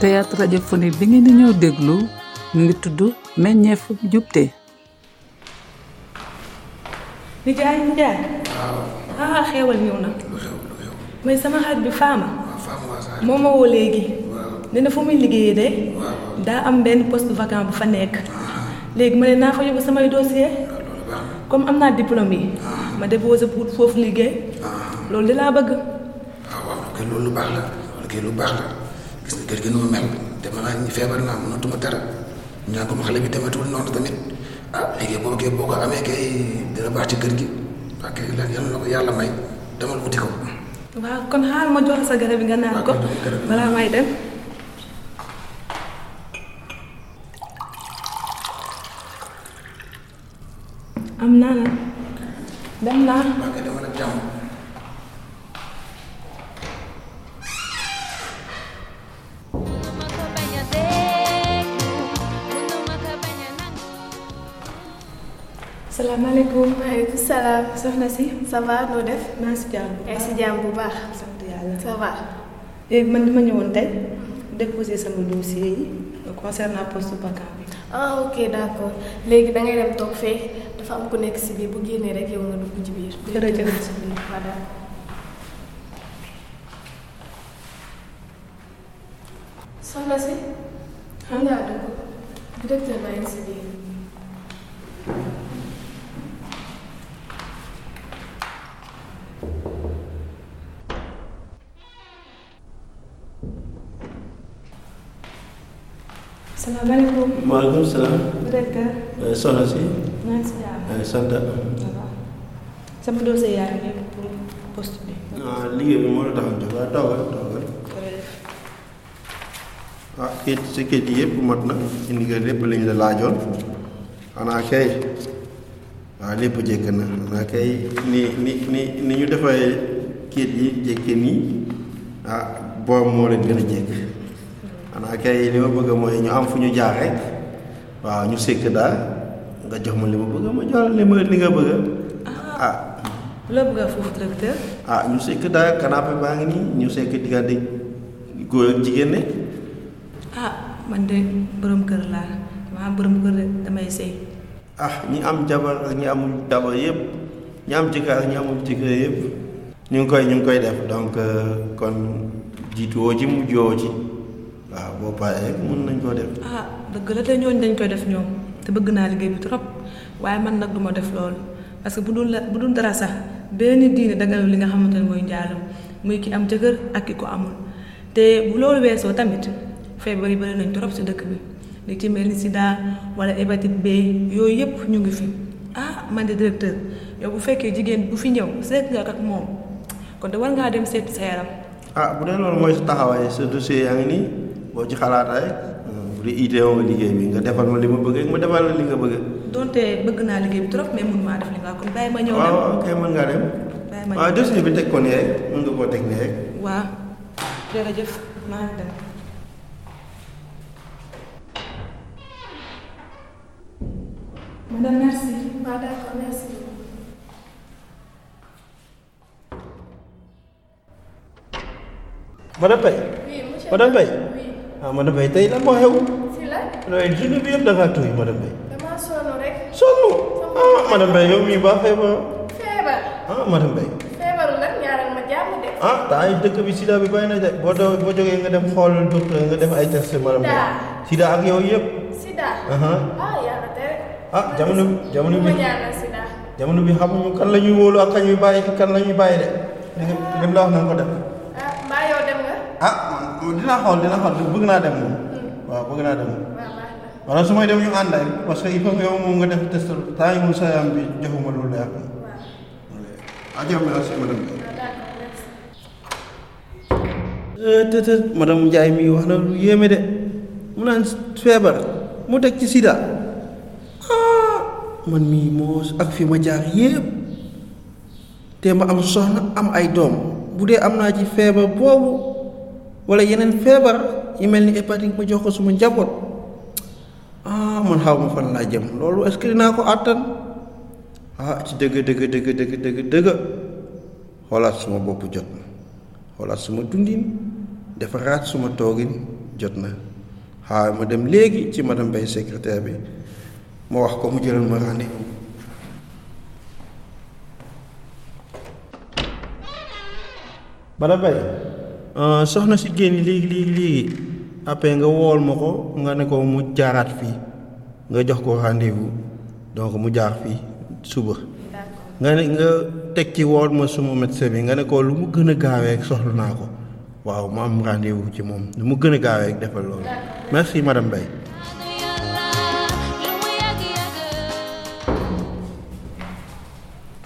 théâtre radiophonique bi ngeen di ñëw déglu mu ngi tudd meññeefu jubte nijaay nijaay ah xewal ñëw na mooy sama xarit bi faama moo ma woo léegi dina fu muy liggéeyee de daa am benn poste vacant bu fa nekk ah. léegi ma ne naa fa yóbbu samay dossier ah, comme am naa diplôme yi ah. ma déposé pour foofu liggéey loolu di laa bëgg. Ah, waaw waaw kay loolu lu baax la loolu kay lu baax la gis nga kër gi nu mu mel dama naa ñu feebar naa mënatuma dara ñaan ko xale bi demetul noonu tamit ah léegi boo kay ko amee kay dina baax ci kër gi waaw kay yal na ko yàlla may nga ko may dem. am naa dem naa. salaamaaleykum maaleykum salaam soxna si ça va noo def. maa si jàmm bu baax si jàmm bu baax. sant yàlla ça va. léegi eh, man dama ñëwoon tey déposer sama dossier yi concernant poste vacant bi. ah ok d' accord léegi da dem toog fee dafa am ku nekk si biir bu génnee rek yow nga dugg ci biir. jërëjëf si biir waaw d' soxna si. xam nga dugg directeur baa ngi si biir. salaamaaleykum. maaleykum salaam. directeur. soxna si. sama dossier yaa liggéey bi moo la tax a jóg waaw toogal ah kayit sa kayit yi yëpp mat na indi nga lépp lañu la laajoon xanaa kay waaw lépp jekk na xanaa kay ni ni ni ñu defee kayit yi jékkee nii ah. boobu moo leen gën a jekk xanaa kay li ma bëgg mooy ñu am fu ñu jaar rek waaw ñu sékk daal nga jox ma li ma bëgg ma jox li ma li nga bëgg ah. ah. loo bëgg ah, ah, man de borom kër laa damay sëy. ah ñi am jabar ak ñi amul jabar yëpp ñi am jëkkër ak ñi amul jëkkër yëpp ñu ngi koy ñu ngi koy def donc euh, kon. jiitooji mu jooji waaw boo paree mën nañ koo def. ah dëgg la te ñooñu dañ koy def ñoom te bëgg naa liggéey bi trop waaye man nag duma def loolu parce que bu dul la bu dul dara sax benn diine dagal li nga xamante ne mooy njaaloo muy ki am jëkkër ak ki ko amul te bu loolu weesoo tamit feebar yi bëri nañ trop si dëkk bi li ci mel ni sida wala hépatite B yooyu yëpp ñu ngi fi ah man de directeur yow bu fekkee jigéen bu fi ñëw seet nga ak moom kon de war ngaa ah bu dee loolu mooy taxawaay sa dossier yaa ngi nii boo ci xalaataay réité hmm, woo liggéey bi nga defal ma li ma bëgg ma defal li nga bëgg. donte bëgg naa liggéey bi trop mais mun maa def li nga kon bàyyi ma ñëw. waaw ah, waaw kay mën ngaa dem. bàyyi ma ñëw waaw ah, bi teg ko nii rek mën nga koo teg nii maa ngi dem. merci. madame Paye. oui monsieur tey lan moo xew. si la. loolu journée bi yëpp da ngaa tuuy ah madame yow mii baa feebar. ah madame Paye. feebaru nag ñaaral ma jàmm de. bi sida bi bàyyi na de boo doo boo jógee nga dem xool docteur nga def ay test madame Paye. sida ak yow yëpp. ah yàlla tere. ah jamono jamono bi jamono bi xamuñu kan la ñuy wóolu ak kañ ñu bàyyi la ñuy bàyyi de. li nga wax na nga ko ah naa dem moom naa dem su may dem nga def test temps yi mu ah, euh, mi wax na lu yéeme mu naan ci sida ah, man mii moo ak fi ma jaar yépp te ma am soxna am ay doom bu dee am naa ci feebar boobu wala yeneen feebar yi mel ni hépatite ma jox ko suma njaboot ah man xaw ma fan laa jëm loolu est-ce que ko àttan ah ci dëgg dëgg dëgg dëgg dëgg xoolaat suma bopp jot na xoolaat suma dundin defaraat suma toogin jot na xaaral ma dem léegi ci madame bay secrétaire bi ma wax ko mu jëlal ma rendez-vous madame Mbaye Euh, soxna si génn léegi léegi léegi après nga wool ma ko nga ne ko mu jaaraat fii nga jox ko rendez donc mu jaar fii suba nga ne nga teg ci wool ma suma médecin bi nga ne ko lu mu gën a gaawee ak soxla naa ko waaw mu am rendez ci moom lu mu gën a gaawee ak defal loolu merci madame Mbaye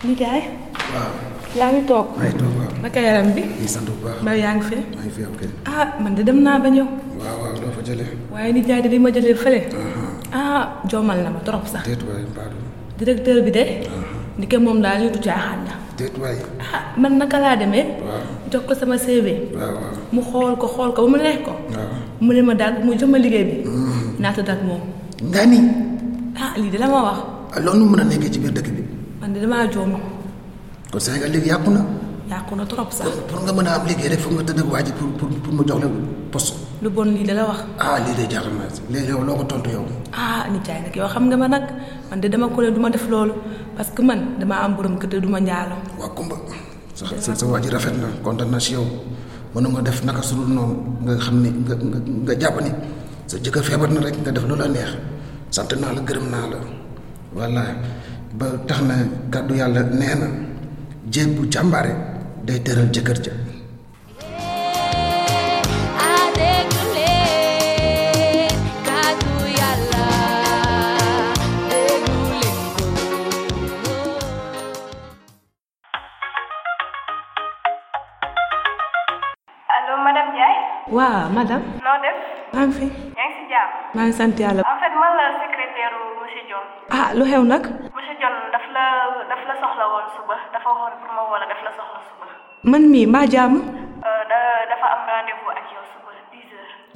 Ndiaye. waaw. yaa ngi toog. maa ngi naka yaram bi. di yaa ngi fi. ah man de dem naa ba ñëw. waaw waaw doo fa de li ma jëlee fële. ah joomal na ma trop sax. déet directeur bi de. ndike moom daal li du caaxaan la. ah man naka laa demee. waaw jox ko sama CV. mu xool ko xool ko ba mu neex ko. waaw mu ne ma daal mu jëma liggéey bi. Mm. naata daal moom. nga ni. ah lii de la ma wax. ah loolu mën a nekkee ci biir dëkk bi. man de damaa joom kon Sénégal léegi yàqu na. yàqu na trop sax. pour nga mën a am liggéey de foog nga tëdd ak ji pour pour pour mu jox la poste. lu bon lii da la wax. ah lii de jaaxal na léegi loo ko tontu yow. ah xam nga ma nag man dama ko ne ma def loolu parce que man damaa am borom kër te du ma njaalo. sa sa waa ji na kontaan na si yow mën nga def naka su dul noonu nga xam ne nga nga nga jàpp ne sa jëkkër feebar na rek nga def a neex sant naa la gërëm naa la voilà ba tax na kàddu yàlla nee na jéeg bu jàmbaare day tëral jëkkër ja waaw madame. noo def. maa fi. yaa ngi la ah lu xew nag. monsieur John daf la soxla woon suba man mii mbaa jàmm. Euh, dafa am rendez-vous ak yow suba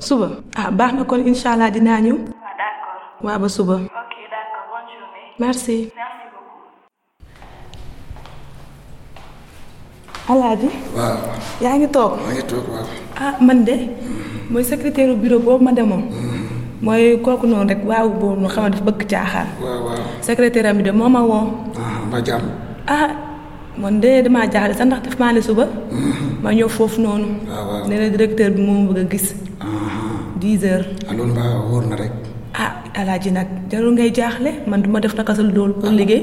suba ah baax na kon incha dinaa ñëw. Ah, waaw ba suba. merci. alaaji waaw yaa ngi toog yaa ngi toog waaw ah man de mooy secretaire bureau boobu ma demoon mm-hmm. mooy kooku noonu rek waaw boobu nga xam ne dafa bëgg caaxaan waaw secrétaire am bi de moo ma woo ba ah, jàmm ah man de ndax daf suba mm-hmm. ma ñëw foofu noonu ah, nee na directeur bi moo bëgg a gis ah. dix heures loolu mbaa na rek ah alaaji nag jarul ngay jaaxle man duma def nakasul dool pour liggéey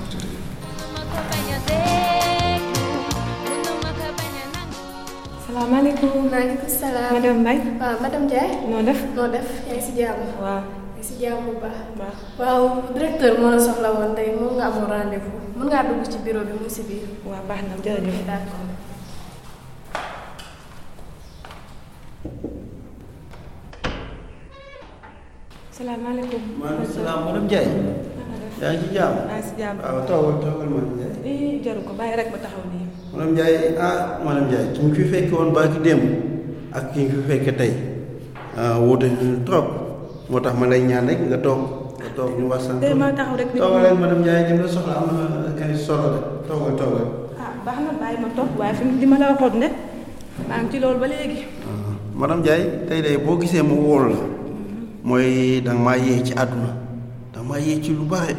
waaw maaleykum. maaleykum salaam madame Mbaye. waaw madame Ndiaye. noo def noo def yaa ngi si jàmm. waaw yaa si jàmm bu baax. waaw directeur moo la soxla woon tey moom nga amoon rendez-vous mën ngaa dugg ci bureau bi mu si biir. waaw baax na jërëjëf d'accord. salaamaaleykum. maaleykum salaam madame Ndiaye. yaa ngi ci waaw taxawal taxawal madame Ndiaye. ii eh, jaru ko bàyyi rek ma taxaw nii. madame Ndiaye ah madame Ndiaye ki nga fi fekke woon baa ki démb ak ki nga fi fekke tey ah, wuute nañu moo tax ma lay ñaan rek nga toog nga toog ñu wax. tey eh, ma rek toogal leen madame Ndiaye ñoom la soxla am na ah, baax na bàyyi ma toog waaye fi li ma la waxoon ne maa ngi ci loolu ba léegi. Ah, madame Ndiaye boo gisee ma wóor la mm-hmm. mooy yee ci àdduna danga maa yee ci lu baax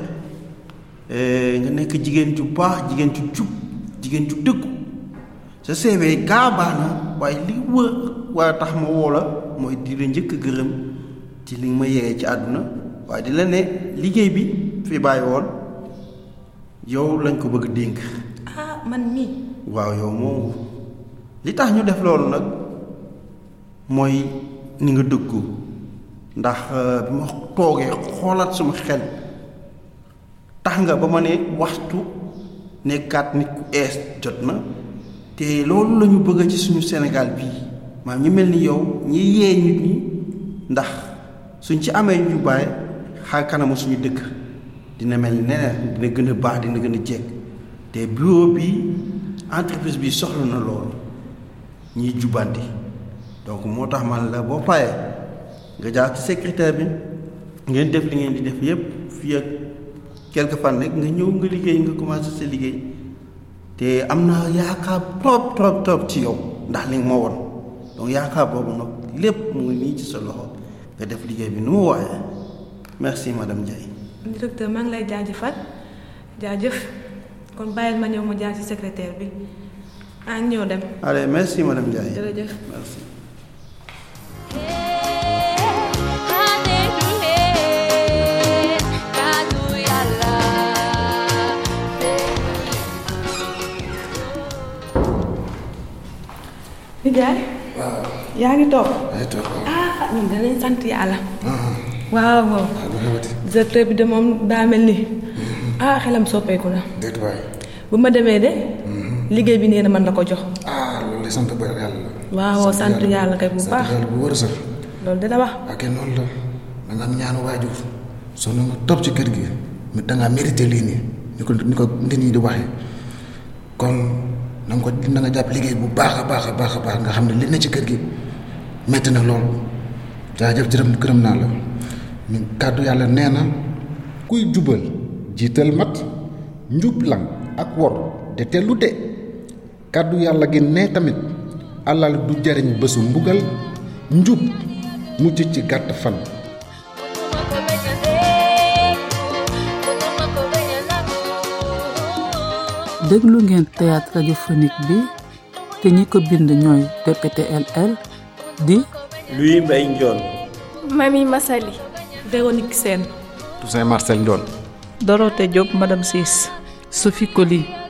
Eh, nga nekk jigéen ju baax jigéen ju jub jigéen ju dëkku sa CV gaa baax waaye li wër waa tax ma woo mooy di la njëkk gërëm ci li nga ma yegee ci àdduna waaye di la ne liggéey bi fi bàyyi woon yow lañ ko bëgg dénk ah man mii waaw yow moom li tax ñu def loolu nag mooy ni nga dëggu ndax eh, bi ma toogee xoolaat suma xel tax nga ba ma ne waxtu nekkaat nit ku ees jot na te loolu lañu bëgg ci suñu Sénégal bi maanaam ñu mel ni yow ñii yee nit ñi ndax suñ ci amee ñu bàyyi xaar kanamu suñu dëkk dina mel ni dina gën a baax dina gën a jekk te bureau bi entreprise bi soxla na loolu ñiy jubbanti donc moo tax man la boo paree nga jaar ci secrétaire bi ngeen def li ngeen di def yépp fii kel quelque fan rek nga ñëw nga liggéey nga commencé sa liggéey te am na yaakaar trop trop trop ci yow ndax li nga ma woon donc yaakaar boobu nag lépp mu ngi nii ci sa loxo nga def liggéey bi nu mu waaye merci madame Ndiaye. directeur maa ngi lay jaajëfal jaajëf kon bàyyil ma ñëw ma jaar ci secretaire bi ah ñëw dem. allez merci madame Ndiaye jërëjëf merci. Ndiaye. yaa ngi toog. ah danañ sant yàlla. Uh-huh. waaw waaw. directeur bi de moom daa mel ni. Mm-hmm. ah xelam soppeeku na. déet bu ma demee de. Mm-hmm. liggéey bi nee na man la ko jox. ah sant ba yàlla. waaw sant yàlla kay bu baax loolu de la wax. waaw kay noonu la da nga am ñaanu waajur. soo nga topp ci kër gi. da ngaa lii nii. ni ko ni ko nit ñi di waxee. kon. na nga ko na jàpp liggéey bu baax a baax a baax a nga xam ne li ne ci kër gi métti na lool jaajëf jërëm gërëm naa la kàddu yàlla nee na kuy jubal jiital mat njub njublang ak wor de tellu de kàddu yàlla gi ne tamit alal du jariñ bésu mbugal njub mucc ci gàtt fan déglu ngeen théâtre radiophonique bi te ñi ko bind ñooy DPTLL di. Louis Mbaye Ndione. Mami Massaly. Véronique Sène. Toussaint Marcel Ndione. Dorothée Diop madame Ciss. Sophie Coly.